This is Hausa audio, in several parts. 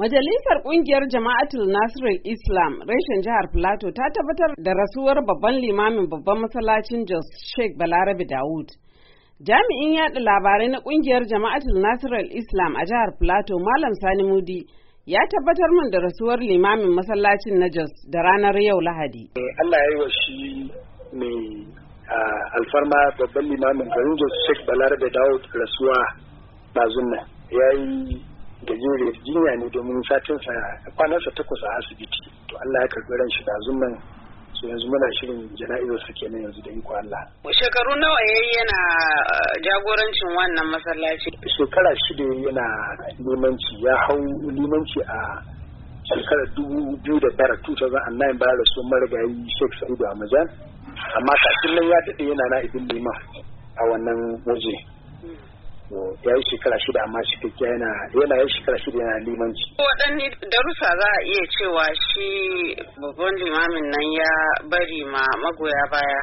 Majalisar kungiyar Jama'atul Nasirul Islam reshen jihar Filato ta tabbatar da rasuwar babban limamin babban masallacin Jos Sheikh Balarabe Dawud. Jami'in yaɗa labarai na kungiyar Jama'atul Nasirul Islam a jihar Filato Malam Sani Mudi ya tabbatar min da rasuwar limamin masallacin na Jos da ranar yau Lahadi. Eh, Allah ya yi wa shi mai alfarma babban limamin garin Jos Sheikh Balarabe Dawud rasuwa ba nan. Ya yi Emirates jinya ne domin satin satinsa kwanarsa takwas a asibiti to Allah ya karɓi ran shi da zumman so yanzu muna shirin jana'izar su nan yanzu da iko Allah. Shekaru nawa ya yana eh, jagorancin wannan masallaci? Shekara shida yana limanci ya hau limanci a shekarar dubu biyu da tara 2009 da rasuwar marigayi Sheikh Sa'idu Amajan amma kafin nan ya daɗe yana na ibin lima a wannan waje. Hmm. ya yi shekara shida amma shi kake yana yana yi shekara shida yana limanci. Waɗanne darussa za a iya cewa shi babban limamin nan ya bari ma magoya baya.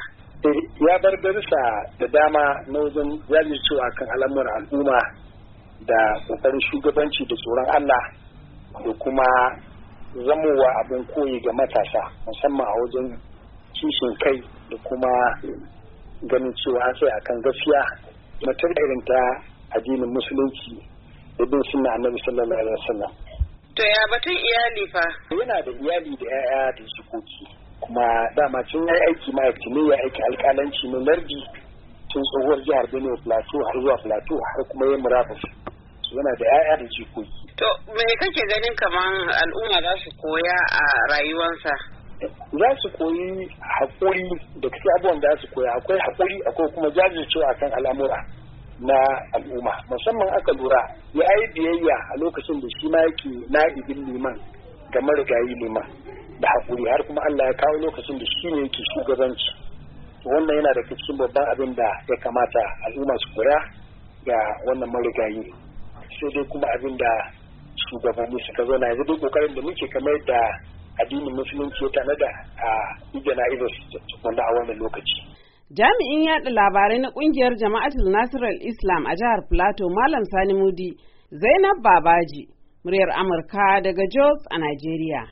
Eh, ya bar darussa da dama na wajen cewa kan al'amuran al'umma da ƙoƙarin shugabanci da tsoron Allah da kuma zamowa abin koyi ga matasa musamman a wajen kishin kai da kuma ganin cewa sai akan gaskiya matar irin ta addinin musulunci da bin sunna annabi sallallahu alaihi wasallam to ya batun iyali fa yana da iyali da yaya da jikoki kuma dama tun ya aiki ma'aikaci ne ya aiki alƙalanci na lardi tun tsohuwar jihar Benue Plateau har zuwa Plateau har kuma yin murabus yana da yaya da jikoki to me kake ganin kaman al'umma za su koya a rayuwansa? za su koyi haƙuri da kusa abubuwan da za su koya akwai haƙuri akwai kuma jajircewa akan al'amura na al'umma musamman aka lura ya yi biyayya a lokacin da shi ma yake na'ibin liman ga marigayi liman da haƙuri har kuma Allah ya kawo lokacin da shi ne yake shugabanci wannan yana da cikin babban abin da ya kamata al'umma su koya ga wannan marigayi sai dai kuma abin da shugabanni suka zo na yanzu duk kokarin da muke kamar da addinin musulunci ya tanada a ijana ido wanda a wannan lokaci Jami'in yaɗa labarai na ƙungiyar Jama'atul Nasiral Islam a jihar Plateau Malam Sani Mudi, Zainab Babaji, muryar Amurka daga Jos a Najeriya.